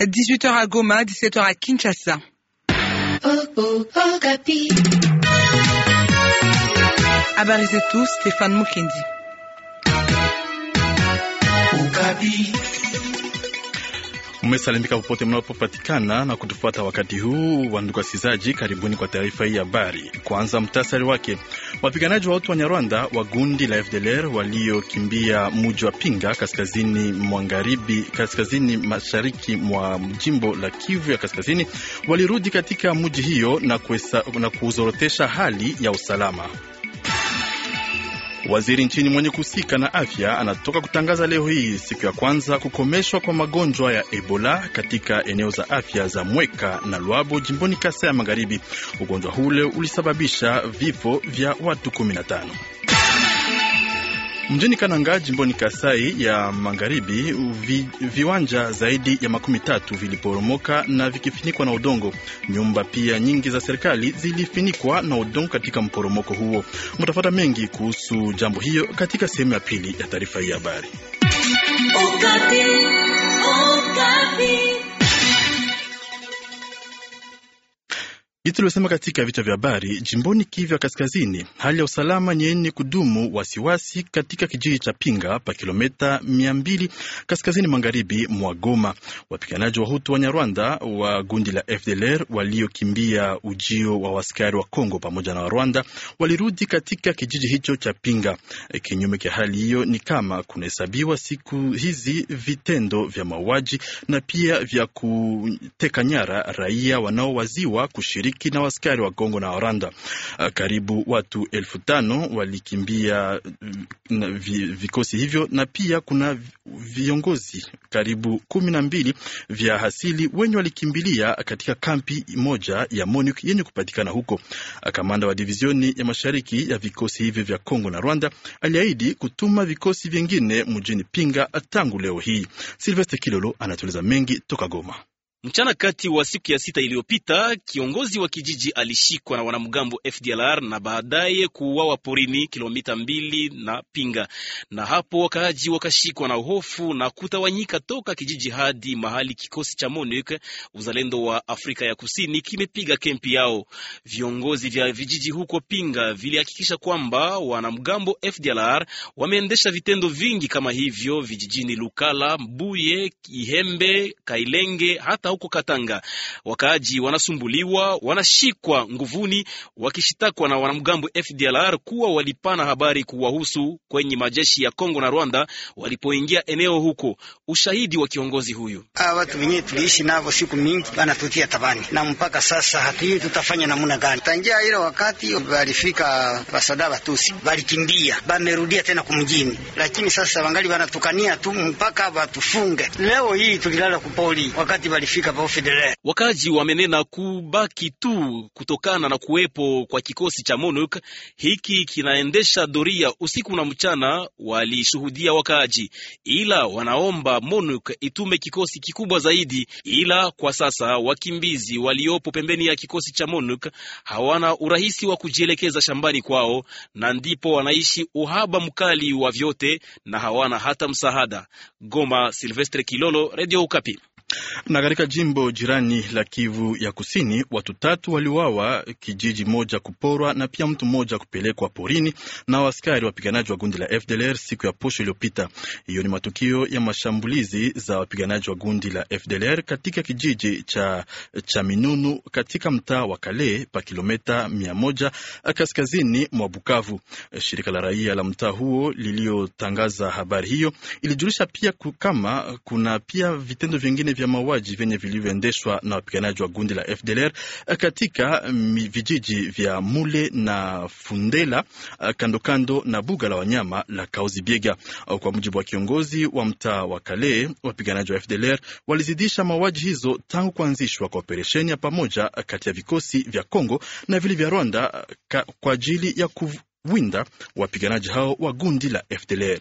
18h à Goma, 17h à Kinshasa. Habari zetu Stéphane Mukendi. Mmesalimika popote mnapopatikana na kutufuata wakati huu, ndugu wasikilizaji, karibuni kwa taarifa hii ya habari. Kwanza mtasari wake. Wapiganaji wa watu wa Nyarwanda wa gundi la FDLR waliokimbia muji wa Pinga kaskazini mwangaribi, kaskazini mashariki mwa jimbo la Kivu ya kaskazini walirudi katika muji hiyo na, na kuzorotesha hali ya usalama. Waziri nchini mwenye kuhusika na afya anatoka kutangaza leo hii siku ya kwanza kukomeshwa kwa magonjwa ya Ebola katika eneo za afya za Mweka na Lwabo jimboni Kasai ya Magharibi. Ugonjwa ule ulisababisha vifo vya watu 15. Mjini Kananga jimboni Kasai ya Magharibi vi, viwanja zaidi ya makumi tatu viliporomoka na vikifinikwa na udongo. Nyumba pia nyingi za serikali zilifinikwa na udongo katika mporomoko huo. Mtafata mengi kuhusu jambo hiyo katika sehemu ya pili ya taarifa hii ya habari. Jinsi tulivyosema katika vichwa vya habari, jimboni kivya Kaskazini, hali ya usalama ni yenye kudumu wasiwasi katika kijiji cha Pinga pa kilometa 200 kaskazini magharibi mwa Goma. Wapiganaji wa Hutu wa Nyarwanda wa gundi la FDLR waliokimbia ujio wa waskari wa Kongo pamoja na warwanda Rwanda walirudi katika kijiji hicho cha Pinga. Kinyume cha hali hiyo, ni kama kunahesabiwa siku hizi vitendo vya mauaji na pia vya kuteka nyara raia wanaowaziwa kushiriki mashariki na waskari wa Kongo na Rwanda. Ah, karibu watu elfu tano walikimbia mm, vikosi hivyo, na pia kuna viongozi karibu kumi na mbili vya hasili wenye walikimbilia katika kampi moja ya MONUC yenye kupatikana huko. Ah, kamanda wa divizioni ya mashariki ya vikosi hivyo vya Kongo na Rwanda aliahidi kutuma vikosi vingine mjini Pinga tangu leo hii. Silvestre Kilolo anatueleza mengi toka Goma. Mchana kati wa siku ya sita iliyopita kiongozi wa kijiji alishikwa na wanamgambo FDLR na baadaye kuuawa porini kilomita mbili na Pinga, na hapo wakaaji wakashikwa na hofu na kutawanyika toka kijiji hadi mahali kikosi cha MONUC uzalendo wa Afrika ya Kusini kimepiga kempi yao. Viongozi vya vijiji huko Pinga vilihakikisha kwamba wanamgambo FDLR wameendesha vitendo vingi kama hivyo vijijini Lukala, Mbuye, Ihembe, Kailenge hata huko Katanga. Wakaaji wanasumbuliwa, wanashikwa nguvuni, wakishitakwa na wanamgambo FDLR kuwa walipana habari kuwahusu kwenye majeshi ya Kongo na Rwanda walipoingia eneo huko. Ushahidi wa kiongozi huyu: hawa watu wenyewe tuliishi navo siku mingi, wanatutia tabani na mpaka sasa hatujui tutafanya namuna gani. Tangia ile wakati walifika basoda batusi walikimbia, bamerudia tena kumjini, lakini sasa wangali wanatukania tu mpaka watufunge. Leo hii tulilala kupoli wakati walifika wakaji wamenena kubaki tu kutokana na kuwepo kwa kikosi cha MONUC hiki kinaendesha doria usiku na mchana, walishuhudia wakaji ila wanaomba MONUC itume kikosi kikubwa zaidi, ila kwa sasa wakimbizi waliopo pembeni ya kikosi cha MONUC hawana urahisi wa kujielekeza shambani kwao, na ndipo wanaishi uhaba mkali wa vyote na hawana hata msaada. Goma, Silvestre Kilolo, Radio Ukapi. Na katika jimbo jirani la Kivu ya Kusini, watu tatu waliuawa, kijiji moja kuporwa na pia mtu mmoja kupelekwa porini na waskari wapiganaji wa gundi la FDLR siku ya posho iliyopita. Hiyo ni matukio ya mashambulizi za wapiganaji wa gundi la FDLR katika kijiji cha, cha Minunu katika mtaa wa Kale pa kilometa mia moja kaskazini mwa Bukavu. Shirika la raia la mtaa huo liliyotangaza habari hiyo ilijulisha pia kama kuna pia vitendo vingine vya vya mauaji vyenye vilivyoendeshwa na wapiganaji wa gundi la FDLR eh, katika eh, vijiji vya Mule na Fundela kandokando eh, kando na buga la wanyama la Kauzi Biega. Kwa mujibu wa kiongozi wa mtaa wa Kale, wapiganaji wa FDLR walizidisha mauaji hizo tangu kuanzishwa kwa operesheni ya pamoja kati ya vikosi vya Kongo na vile vya Rwanda kwa ajili ya kuwinda wapiganaji hao wa gundi la FDLR.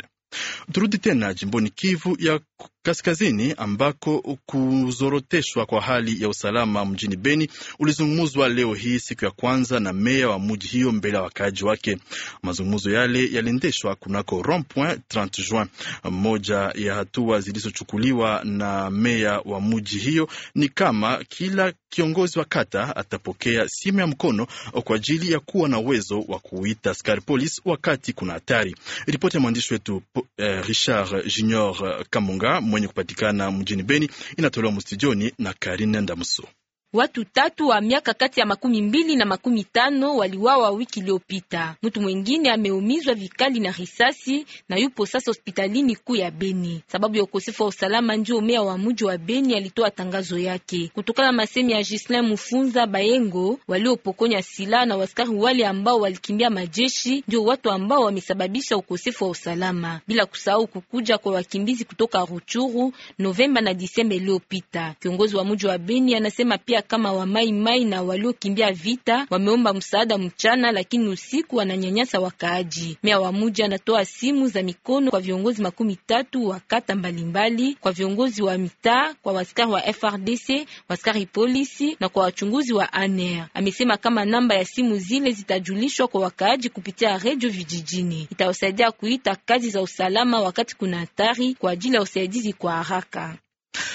Turudi tena jimboni Kivu ya kaskazini ambako kuzoroteshwa kwa hali ya usalama mjini Beni ulizungumzwa leo hii siku ya kwanza na meya wa mji hiyo mbele ya wakaaji wake. Mazungumzo yale yaliendeshwa kunako rond-point 30 Juin. Moja ya hatua zilizochukuliwa na meya wa mji hiyo ni kama kila kiongozi wa kata atapokea simu ya mkono kwa ajili ya kuwa na uwezo wa kuita askari polisi wakati kuna hatari. Ripoti ya mwandishi wetu eh, Richard Junior Kamunga mwenye kupatikana mjini Beni inatolewa mstijoni na Karine Ndamso. Watu tatu wa miaka kati ya makumi mbili na makumi tano waliwawa wiki iliyopita. Mtu mwingine ameumizwa vikali na risasi na yupo sasa hospitalini kuu ya Beni. Sababu ya ukosefu wa usalama, ndio meya wa mji wa Beni alitoa tangazo yake, kutokana na masemi ya Gislain Mufunza Bayengo. Waliopokonya silaha na waskari wale ambao walikimbia majeshi ndio watu ambao wamesababisha ukosefu wa usalama, bila kusahau kukuja kwa wakimbizi kutoka Ruchuru Novemba na Disemba iliyopita. Kiongozi wa mji wa Beni anasema pia wa mai mai na waliokimbia vita wameomba msaada mchana, lakini usiku wananyanyasa wakaaji. Mea wa muji anatoa simu za mikono kwa viongozi makumi tatu wa kata mbalimbali, kwa viongozi wa mitaa, kwa waskari wa FRDC, waskari polisi na kwa wachunguzi wa ANR. Amesema kama namba ya simu zile zitajulishwa kwa wakaaji kupitia redio vijijini, itawasaidia kuita kazi za usalama wakati kuna hatari kwa ajili ya usaidizi kwa haraka.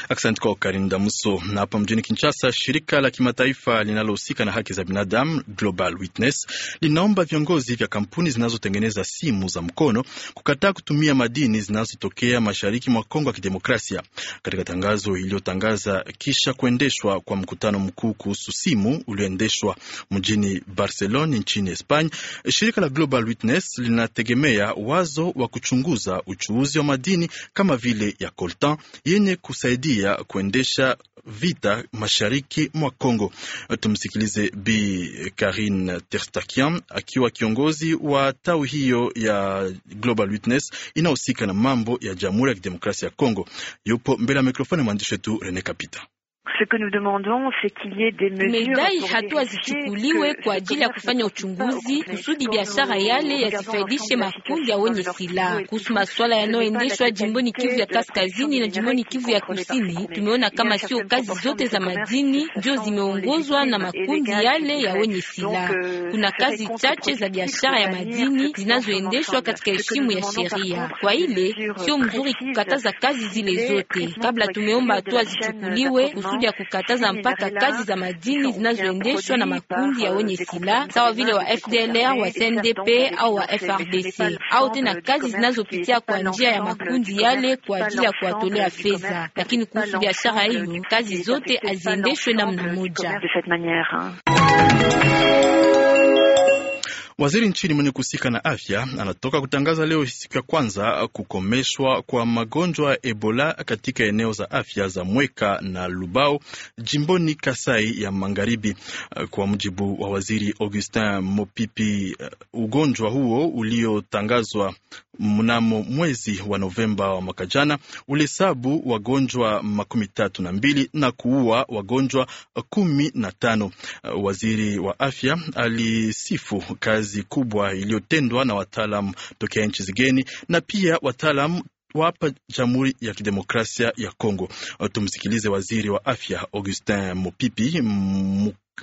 Asante kwa ukarimu Damuso. Na hapa mjini Kinshasa, shirika la kimataifa linalohusika na haki za binadamu Global Witness linaomba viongozi vya kampuni zinazotengeneza simu za mkono kukataa kutumia madini zinazotokea mashariki mwa Kongo ya Kidemokrasia. Katika tangazo iliyotangaza kisha kuendeshwa kwa mkutano mkuu kuhusu simu ulioendeshwa mjini Barcelona nchini Espanya, shirika la Global Witness linategemea wazo wa kuchunguza uchuuzi wa madini kama vile ya coltan yenye kusaidia kusaidia kuendesha vita mashariki mwa Kongo. Tumsikilize Bi Karin Terstakian akiwa kiongozi wa tawi hiyo ya Global Witness inayohusika na mambo ya Jamhuri ya Kidemokrasia ya Kongo. Yupo mbele ya mikrofoni mwandishi wetu Rene Kapita. Ce que nous demandons, c'est qu'il y ait des mesures. Medai hatua zichukuliwe kwa ajili ya kufanya uchunguzi kusudi biashara yale yasifaidishe makundi ya wenye silaha. Kuhusu masuala yanayoendeshwa jimboni Kivu ya kaskazini na jimboni Kivu ya kusini, tumeona kama sio kazi zote za madini ndio zimeongozwa na makundi yale ya wenye silaha. Kuna kazi chache za biashara ya madini zinazoendeshwa katika heshima ya sheria. Kwa ile sio mzuri kukataza kazi zile zote. Kabla tumeomba hatua zichukuliwe kusudi ya kukataza mpaka kazi za madini zinazoendeshwa na makundi ya wenye silaha sawa vile wa FDLR, wa CNDP au wa FRDC au tena kazi zinazopitia kwa njia ya makundi yale kwa ajili ya kuwatolea fedha. Lakini kuhusu biashara hiyo, kazi zote haziendeshwe namna moja. Waziri nchini mwenye kuhusika na afya anatoka kutangaza leo siku ya kwanza kukomeshwa kwa magonjwa ya Ebola katika eneo za afya za Mweka na Lubao jimboni Kasai ya Magharibi. Kwa mujibu wa waziri Augustin Mopipi, ugonjwa huo uliotangazwa mnamo mwezi wa Novemba wa mwaka jana ulihesabu wagonjwa makumi tatu na mbili na kuua wagonjwa kumi na tano. Waziri wa afya alisifu kazi kubwa iliyotendwa na wataalam tokea nchi zigeni na pia wataalam hapa Jamhuri ya Kidemokrasia ya Kongo. Tumsikilize waziri wa afya Augustin Mopipi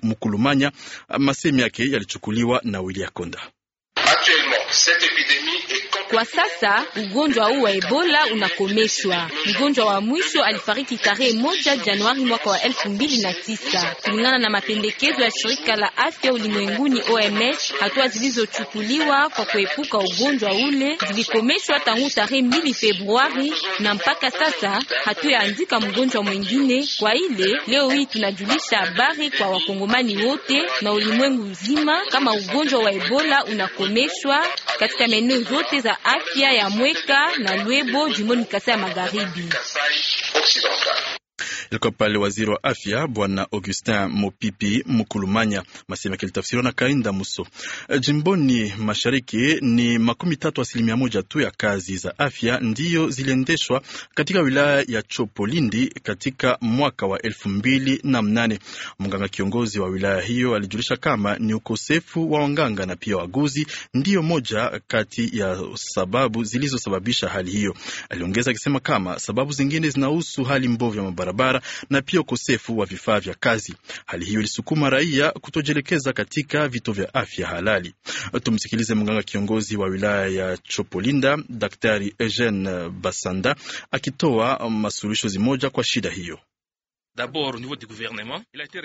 Mkulumanya, masemi yake yalichukuliwa na Willy Akonda. Kwa sasa ugonjwa huu wa Ebola unakomeshwa. Mgonjwa wa mwisho alifariki tarehe moja Januari mwaka wa elfu mbili na tisa kulingana na mapendekezo ya shirika la afya ulimwenguni OMS. Hatua zilizochukuliwa kwa kuepuka ugonjwa ule zilikomeshwa tangu tarehe mbili Februari, na mpaka sasa hatuyaandika mgonjwa mwingine. Kwa ile leo hii tunajulisha habari kwa wakongomani wote na ulimwengu mzima kama ugonjwa wa Ebola unakomeshwa katika maeneo zote za afya ya Mweka na Lwebo, jimboni Kasai ya Magharibi. Ilikuwa pale waziri wa afya bwana Augustin Mopipi Mkulumanya, masema kilitafsiriwa na Kainda Muso. Eh, jimboni mashariki ni makumi tatu asilimia moja tu ya kazi za afya ndiyo ziliendeshwa katika wilaya ya Chopolindi katika mwaka wa elfu mbili na mnane. Mganga kiongozi wa wilaya hiyo alijulisha kama ni ukosefu wa wanganga na pia waguzi ndiyo moja kati ya sababu zilizosababisha hali hiyo. Aliongeza akisema kama sababu zingine zinahusu hali mbovu ya mabarabara na pia ukosefu wa vifaa vya kazi. Hali hiyo ilisukuma raia kutojielekeza katika vituo vya afya halali. Tumsikilize mganga kiongozi wa wilaya ya Chopolinda, Daktari Eugene Basanda akitoa masuluhisho zimoja kwa shida hiyo.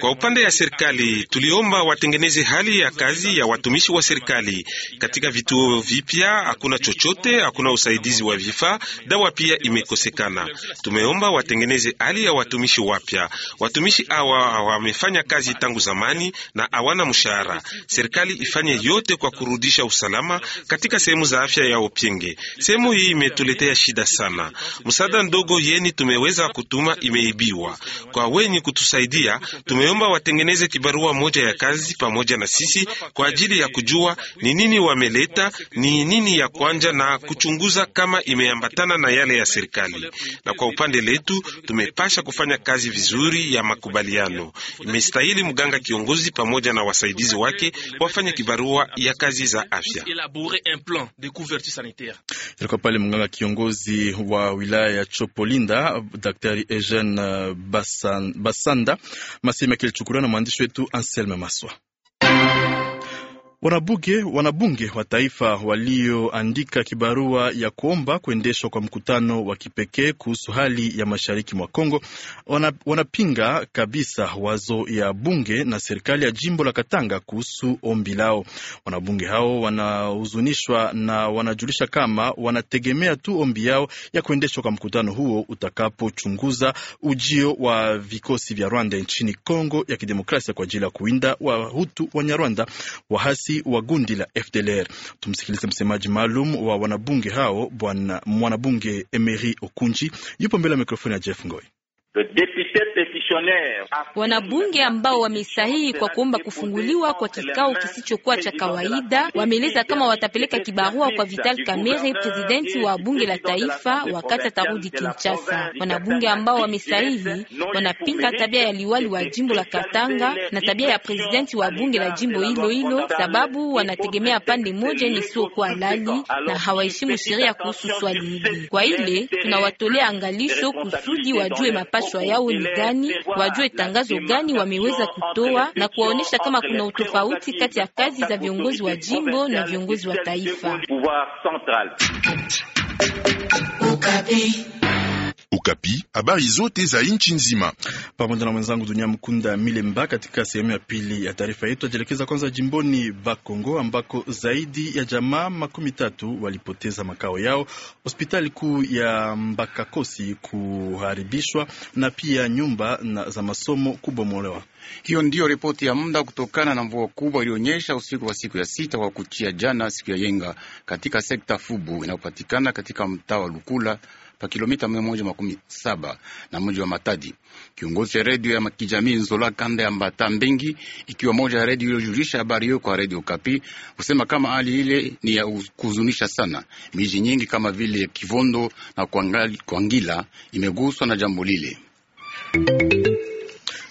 Kwa upande ya serikali tuliomba watengeneze hali ya kazi ya watumishi wa serikali katika vituo vipya. Hakuna chochote, hakuna usaidizi wa vifaa, dawa pia imekosekana. Tumeomba watengeneze hali ya watumishi wapya. Watumishi hawa wamefanya kazi tangu zamani na hawana mshahara. Serikali ifanye yote kwa kurudisha usalama katika sehemu za afya ya Opyenge. Sehemu hii imetuletea shida sana, msaada ndogo yeni tumeweza kutuma imeibiwa. Kwa wenye kutusaidia, tumeomba watengeneze kibarua moja ya kazi pamoja na sisi kwa ajili ya kujua ni nini wameleta, ni nini ya kwanja, na kuchunguza kama imeambatana na yale ya serikali. Na kwa upande letu tumepasha kufanya kazi vizuri ya makubaliano. Imestahili mganga kiongozi pamoja na wasaidizi wake wafanye kibarua ya kazi za afya. Ilikuwa pale mganga kiongozi wa wilaya ya Chopolinda Daktari Eugene uh, Basanda. Maseme akilichukuliwa na mwandishi wetu Anselme Maswa. Wanabunge, wanabunge wa taifa walioandika kibarua ya kuomba kuendeshwa kwa mkutano wa kipekee kuhusu hali ya mashariki mwa Kongo wanapinga kabisa wazo ya bunge na serikali ya jimbo la Katanga kuhusu ombi lao. Wanabunge hao wanahuzunishwa na wanajulisha kama wanategemea tu ombi yao ya kuendeshwa kwa mkutano huo utakapochunguza ujio wa vikosi vya Rwanda nchini Kongo ya Kidemokrasia kwa ajili ya kuinda Wahutu Wanyarwanda wahasi waasi wa gundi la FDLR. Tumsikilize msemaji maalum wa wanabunge hao, bwana mwanabunge Emery Okunji, yupo mbele ya mikrofoni ya Jeff Ngoi. Wanabunge ambao wamesahihi kwa kuomba kufunguliwa kwa kikao kisichokuwa cha kawaida wameeleza kama watapeleka kibarua kwa Vital Kamerhe, presidenti wa bunge la taifa, wakati atarudi Kinshasa. Wanabunge ambao wamesahihi wanapinga tabia ya liwali wa jimbo la Katanga na tabia ya presidenti wa bunge la jimbo hilo hilo, sababu wanategemea pande moja ni sio kwa lali na hawaheshimu sheria kuhusu swali hili. Kwa ile tunawatolea angalisho kusudi wajue mapasho kichwa yao ni gani, wajue tangazo gani wameweza kutoa na kuwaonyesha kama kuna utofauti kati ya kazi za viongozi wa jimbo na viongozi wa taifa. Okapi, habari zote za nchi nzima, pamoja na mwenzangu Dunia Mkunda Milemba. Katika sehemu ya pili ya taarifa yetu, ajielekeza kwanza jimboni Bakongo ambako zaidi ya jamaa makumi tatu walipoteza makao yao, hospitali kuu ya Mbakakosi kuharibishwa na pia nyumba na za masomo kubomolewa. Hiyo ndiyo ripoti ya muda kutokana na mvua kubwa ilionyesha usiku wa siku ya sita wa kuchia jana, siku ya yenga, katika sekta Fubu inayopatikana katika mtaa wa Lukula pa kilomita mia moja makumi saba na mji wa Matadi. Kiongozi ya redio ya kijamii Nzola kanda ya Mbata Mbengi, ikiwa moja ya redio iliyojulisha habari hiyo kwa redio Kapi, kusema kama hali ile ni ya kuhuzunisha sana. Miji nyingi kama vile Kivondo na Kwangila imeguswa na jambo lile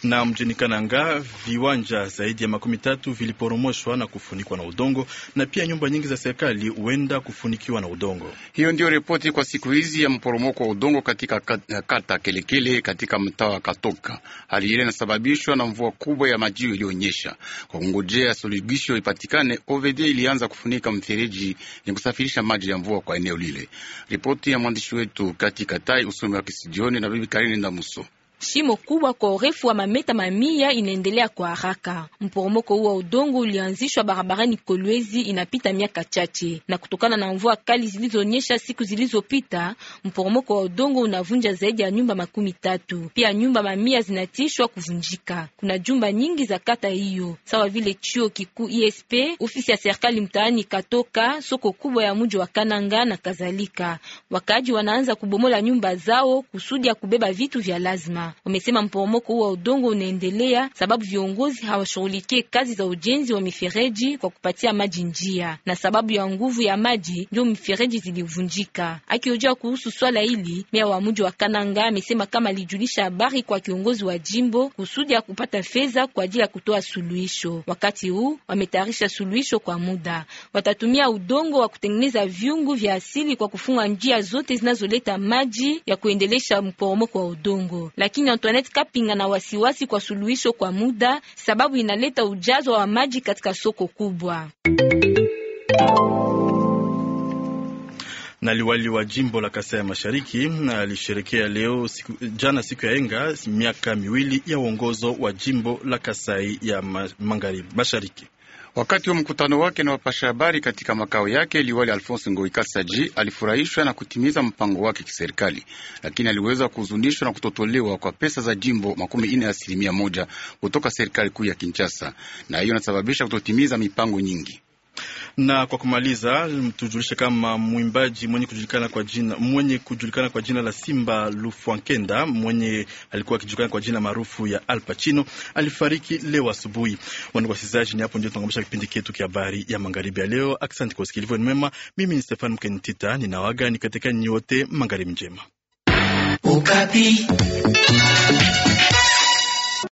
na mjini Kananga viwanja zaidi ya makumi tatu viliporomoshwa na kufunikwa na udongo, na pia nyumba nyingi za serikali huenda kufunikiwa na udongo. Hiyo ndiyo ripoti kwa siku hizi ya mporomoko wa udongo katika kat, kata Kelekele katika mtaa wa Katoka. Hali ile inasababishwa na mvua kubwa ya majio iliyonyesha. Kwa kungojea suluhisho ipatikane, OVD ilianza kufunika mfereji ni kusafirisha maji ya mvua kwa eneo lile. Ripoti ya mwandishi wetu katika Tai usomi wa Kisijioni na bibi Karine Ndamuso. Shimo kubwa kwa urefu wa mameta mamia inaendelea kwa haraka. Mporomoko huu wa udongo ulianzishwa barabarani Kolwezi inapita miaka chache, na kutokana na mvua kali zilizonyesha siku zilizopita, mporomoko wa udongo unavunja zaidi ya nyumba makumi tatu. Pia nyumba mamia zinatishwa kuvunjika. Kuna jumba nyingi za kata hiyo sawa vile chuo kikuu ISP, ofisi ya serikali mtaani Katoka, soko kubwa ya mji wa Kananga na kadhalika. Wakaaji wanaanza kubomola nyumba zao kusudi ya kubeba vitu vya lazima wamesema mporomoko huu wa udongo unaendelea sababu viongozi hawashughulikie kazi za ujenzi wa mifereji kwa kupatia maji njia, na sababu ya nguvu ya maji ndio mifereji zilivunjika. Akihojiwa kuhusu swala hili, meya wa mji wa Kananga amesema kama alijulisha habari kwa kiongozi wa jimbo kusudi ya kupata fedha kwa ajili ya kutoa suluhisho. Wakati huu wametayarisha suluhisho kwa muda, watatumia udongo wa kutengeneza viungu vya asili kwa kufunga njia zote zinazoleta maji ya kuendelesha mporomoko wa udongo Laki lakini Antoinette Kapinga na wasiwasi kwa suluhisho kwa muda, sababu inaleta ujazo wa maji katika soko kubwa. na liwali wa jimbo la Kasai ya Mashariki alisherekea leo siku, jana siku ya enga miaka miwili ya uongozo wa jimbo la Kasai ya ma, mashariki. Wakati wa mkutano wake na wapasha habari katika makao yake, liwali Alphonse Ngoikasaji alifurahishwa na kutimiza mpango wake kiserikali, lakini aliweza kuhuzunishwa na kutotolewa kwa pesa za jimbo makumi ine asilimia moja kutoka serikali kuu ya Kinshasa, na hiyo inasababisha kutotimiza mipango nyingi. Na kwa kumaliza, tujulishe kama mwimbaji mwenye kujulikana kwa jina, mwenye kujulikana kwa jina la Simba Lufwankenda mwenye alikuwa akijulikana kwa jina maarufu ya Al Pacino alifariki leo asubuhi. Wana wasizaji, ni hapo ndio tunakamilisha kipindi chetu cha habari ya magharibi ya leo. Asante kwa usikilivu mwema. Mimi ni Stefan Mkenitita, ninawaga nikatakia nyote magharibi njema. Ukapi.